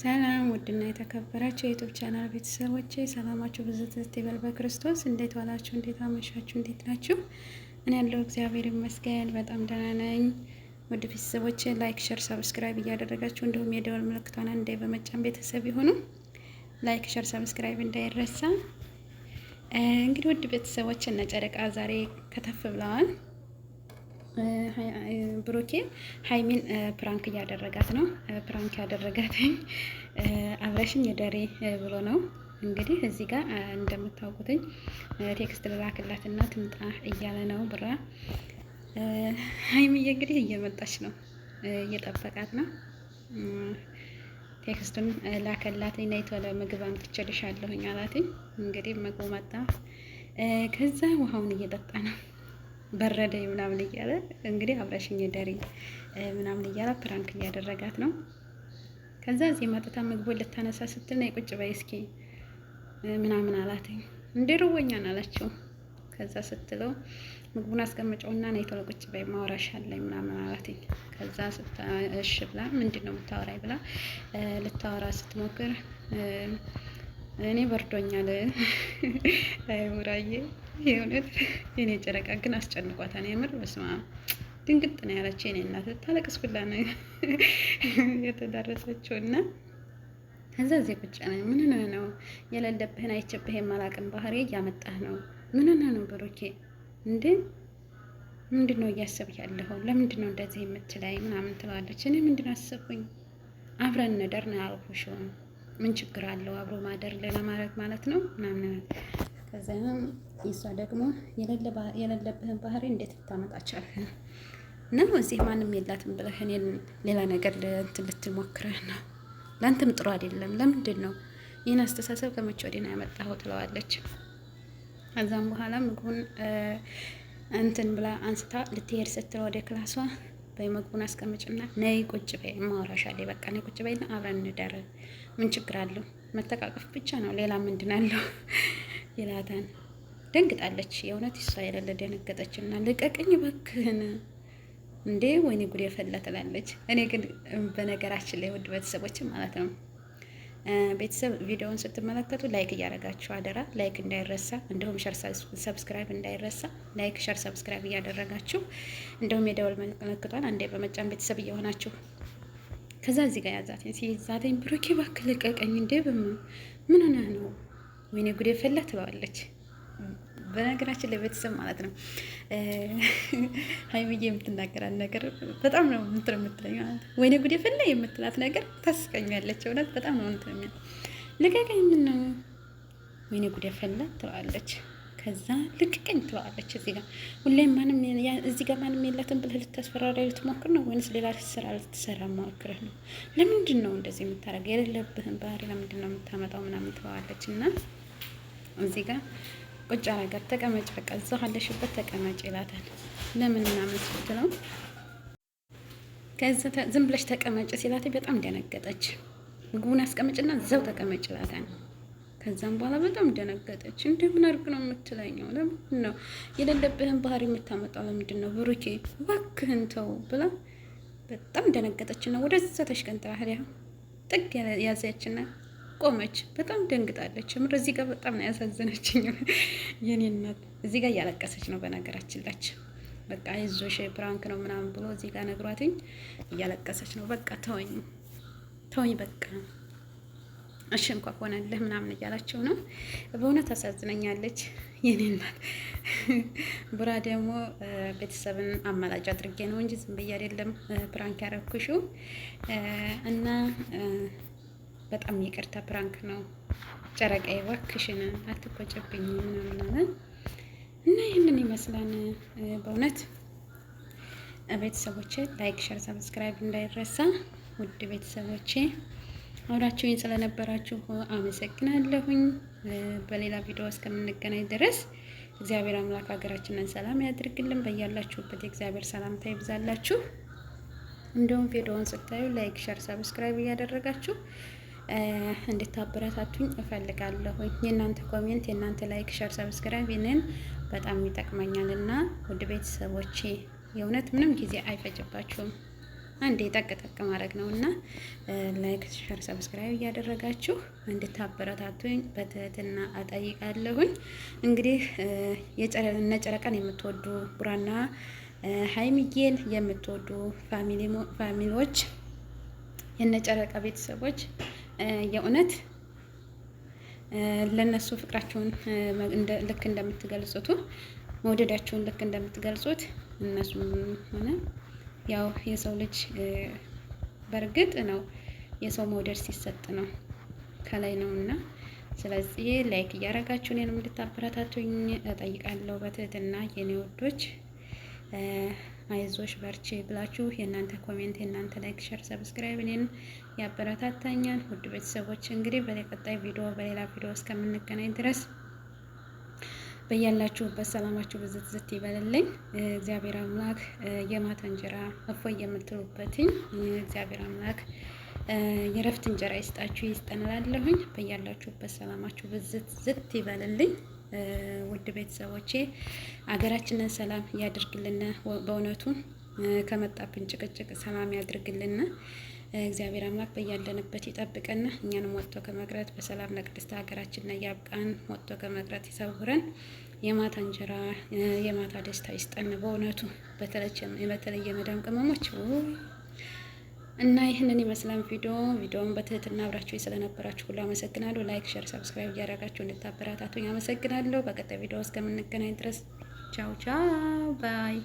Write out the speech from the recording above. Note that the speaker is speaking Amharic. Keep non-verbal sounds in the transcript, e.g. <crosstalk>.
ሰላም ውድና የተከበራችሁ የዩቱብ ቻናል ቤተሰቦቼ ሰላማችሁ ብዙ ይበል በክርስቶስ። እንዴት ዋላችሁ? እንዴት አመሻችሁ? እንዴት ናችሁ? እኔ ያለው እግዚአብሔር ይመስገን በጣም ደህና ነኝ። ውድ ቤተሰቦቼ ላይክ፣ ሸር፣ ሰብስክራይብ እያደረጋችሁ እንዲሁም የደወል ምልክቷን አንዴ በመጫን ቤተሰብ የሆኑ ላይክ፣ ሸር፣ ሰብስክራይብ እንዳይረሳ። እንግዲህ ውድ ቤተሰቦች እነ ጨረቃ ዛሬ ከተፍ ብለዋል። ብሩኬ ሀይሚን ፕራንክ እያደረጋት ነው። ፕራንክ ያደረጋት አብረሽኝ የደሬ ብሎ ነው። እንግዲህ እዚህ ጋር እንደምታውቁትኝ ቴክስት ልላክላትና ትምጣ እያለ ነው ብራ። ሀይሚዬ እንግዲህ እየመጣች ነው፣ እየጠበቃት ነው። ቴክስቱን ላከላትኝ፣ ነይ ቶሎ ምግብ አምጥቼልሻለሁኝ አላትኝ። እንግዲህ ምግቡ መጣ፣ ከዛ ውሃውን እየጠጣ ነው በረደኝ ምናምን እያለ እንግዲህ አብረሽኝ ደሪ ምናምን እያለ ፕራንክ እያደረጋት ነው። ከዛ እዚህ መጥታ ምግቡን ልታነሳ ስትል ነው የቁጭ በይ እስኪ ምናምን አላትኝ። እንዴ አላቸው። ከዛ ስትለው ምግቡን አስቀምጨውና ነይ ቶሎ ቁጭ በይ ማውራሻ አለኝ ምናምን አላትኝ። ከዛ እሺ ብላ ምንድን ነው የምታወራኝ ብላ ልታወራ ስትሞክር እኔ በርዶኛል ሙራዬ የእውነት የኔ ጨረቃ ግን አስጨንቋታል። የምር በስማ ድንግጥ ነው ያለችው የኔ እናት ታለቅስ ነው <laughs> የተዳረሰችው እና እዛ እዚህ ቁጭ ነኝ። ምን ሆነህ ነው የሌለብህን አይቼብህ የማላቅም ባህሪ እያመጣህ ነው። ምን ሆነህ ነው ብሩኬ? እንዴ ምንድን ነው እያሰብህ ያለኸው? ለምንድን ነው እንደዚህ የምትለኝ ምናምን ትለዋለች። እኔ ምንድን አሰብኩኝ? አብረን እንደር ነው ያልኩሽ። ምን ችግር አለው አብሮ ማደር ለማለት ማለት ነው ምናምን ከዛም እሷ ደግሞ የሌለብህን ባህሪ እንዴት ልታመጣቻል ነው እዚህ ማንም የላትም ብለህ እኔን ሌላ ነገር እንትን ልትሞክረህ ነው። ለአንተም ጥሩ አይደለም። ለምንድን ነው ይህን አስተሳሰብ ከመቼ ወዲህ ነው ያመጣኸው? ትለዋለች። ከዛም በኋላ ምግቡን እንትን ብላ አንስታ ልትሄድ ስትል ወደ ክላሷ በምግቡን አስቀምጭና ነይ ቁጭ በይ ማውራሻ ላይ በቃ ነይ ቁጭ በይና አብረን እንደር ምን ችግር አለው? መተቃቀፍ ብቻ ነው ሌላ ምንድን አለው? ይላታን። ደንግጣለች። የእውነት ይሷ የሌለ ደነገጠች እና ልቀቅኝ እባክህን እንዴ ወይኔ ጉድ ፈላ ትላለች። እኔ ግን በነገራችን ላይ ውድ ቤተሰቦች ማለት ነው ቤተሰብ ቪዲዮውን ስትመለከቱ ላይክ እያደረጋችሁ አደራ፣ ላይክ እንዳይረሳ፣ እንዲሁም ሸር ሰብስክራይብ እንዳይረሳ። ላይክ ሸር ሰብስክራይብ እያደረጋችሁ እንዲሁም የደወል ምልክቷን አንዴ በመጫን ቤተሰብ እየሆናችሁ ከዛ እዚህ ጋር ያዛትኝ ሲይዛትኝ ብሩኬ እባክህ ልቀቀኝ እንዴ ምን ሆነህ ነው ወይኔ ጉዴ ፈላ ትለዋለች። በነገራችን ላይ ማለት ነው ሀይሚዬ የምትናገራት ነገር በጣም ነው እንትን የምትለኝ ማለት ነው። ወይኔ ጉዴ ፈላ የምትላት ነገር ታስቀኛለች። እውነት በጣም ነው እንትን የሚል ልቀቀኝ፣ ምን ወይኔ ጉዴ ፈላ ትለዋለች። ከዛ ልቅቀኝ ትለዋለች። እዚህ ጋር ሁሌም ማንም እዚህ ጋር ማንም የላትን ብለህ ልታስፈራሪ ልትሞክር ነው ወይንስ ሌላ ስራ ልትሰራ ሞክረህ ነው? ለምንድን ነው እንደዚህ የምታደርገው? የሌለብህን ባህሪ ለምንድን ነው የምታመጣው? ምናምን ትለዋለች እና እዚህ ጋር ቁጭ አረጋት። ተቀመጭ በቃ እዛው ካለሽበት ተቀመጭ ይላታል። ለምን ምናምን ስትለው ከዚ ዝም ብለሽ ተቀመጭ ሲላት በጣም ደነገጠች። ምግቡን አስቀምጭና እዛው ተቀመጭ ይላታል። ከዛም በኋላ በጣም ደነገጠች። እንደ ምን አድርግ ነው የምትለኘው? ለምንድን ነው የሌለብህን ባህሪ የምታመጣው? ለምንድን ነው ብሩኬ እባክህን ተው ብላ በጣም ደነገጠችና ወደዛ ተሽቀንጥራ ህሪያ ጥግ ያዘያችና ቆመች። በጣም ደንግጣለች። ምር እዚህ ጋር በጣም ነው ያሳዘነችኝ <laughs> የኔ እናት። እዚህ ጋር እያለቀሰች ነው በነገራችን ላች በቃ አይዞሽ ፕራንክ ነው ምናምን ብሎ እዚህ ጋር ነግሯትኝ እያለቀሰች ነው። በቃ ተወኝ ተወኝ በቃ እሺ እንኳ ሆነልህ ምናምን እያላቸው ነው። በእውነት አሳዝነኛለች የኔ እናት። <laughs> ቡራ ደግሞ ቤተሰብን አማላጭ አድርጌ ነው እንጂ ዝም ብዬ አይደለም ፕራንክ ያረኩሽው እና በጣም ይቅርታ ፕራንክ ነው ጨረቃ ይዋክሽን አትቆጭብኝ ምናምናለን እና ይህንን ይመስላል በእውነት ቤተሰቦቼ ላይክ ሸር ሰብስክራይብ እንዳይረሳ ውድ ቤተሰቦቼ አብራችሁኝ ስለነበራችሁ አመሰግናለሁኝ በሌላ ቪዲዮ እስከምንገናኝ ድረስ እግዚአብሔር አምላክ ሀገራችንን ሰላም ያድርግልን በያላችሁበት የእግዚአብሔር ሰላምታ ይብዛላችሁ እንዲሁም ቪዲዮውን ስታዩ ላይክ ሸር ሰብስክራይብ እያደረጋችሁ እንድታበረታቱኝ እፈልጋለሁ። የእናንተ ኮሜንት፣ የእናንተ ላይክ፣ ሸር፣ ሰብስክራይብ ይንን በጣም ይጠቅመኛል እና ውድ ቤተሰቦቼ የእውነት ምንም ጊዜ አይፈጅባችሁም። አንድ ጠቅ ጠቅ ማድረግ ነው እና ላይክ፣ ሸር፣ ሰብስክራይብ እያደረጋችሁ እንድታበረታቱኝ በትህትና አጠይቃለሁኝ። እንግዲህ እነ የምትወዱ ቡራና ሀይሚዬን የምትወዱ ፋሚሊዎች የነጨረቀ ቤተሰቦች የእውነት ለነሱ ፍቅራቸውን ልክ እንደምትገልጹት መውደዳቸውን ልክ እንደምትገልጹት እነሱ ሆነ ያው የሰው ልጅ በእርግጥ ነው የሰው መውደድ ሲሰጥ ነው ከላይ ነው እና ስለዚህ ላይክ እያደረጋችሁ እኔንም እንድታበረታቱኝ እጠይቃለሁ በትህትና የኔ ወዶች አይዞሽ በርቺ ብላችሁ የእናንተ ኮሜንት፣ የእናንተ ላይክ፣ ሸር፣ ሰብስክራይብ እኔን ያበረታታኛል። ውድ ቤተሰቦች እንግዲህ በቀጣይ ቪዲዮ በሌላ ቪዲዮ እስከምንገናኝ ድረስ በያላችሁበት ሰላማችሁ ብዝት ዝት ይበልልኝ። እግዚአብሔር አምላክ የማታ እንጀራ እፎይ የምትሉበትኝ እግዚአብሔር አምላክ የረፍት እንጀራ ይስጣችሁ ይስጠንላለሁኝ። በያላችሁበት ሰላማችሁ ብዝት ዝት ይበልልኝ። ውድ ቤተሰቦቼ አገራችንን ሰላም ያድርግልን። በእውነቱ ከመጣብን ጭቅጭቅ ሰላም ያድርግልን። እግዚአብሔር አምላክ በያለንበት ይጠብቀን። እኛንም ወጥቶ ከመቅረት በሰላም ለቅድስት ሀገራችን ያብቃን። ወጥቶ ከመቅረት ይሰውረን። የማታ እንጀራ የማታ ደስታ ይስጠን። በእውነቱ በተለየ መዳም ቅመሞች እና ይህንን ይመስላል ቪዲዮ። ቪዲዮውን በትህትና አብራችሁ ስለነበራችሁ ሁሉ አመሰግናለሁ። ላይክ፣ ሼር፣ ሰብስክራይብ እያደረጋችሁ እንድታበረታቱኝ አመሰግናለሁ። በቀጣይ ቪዲዮ እስከምንገናኝ ድረስ ቻው ቻው ባይ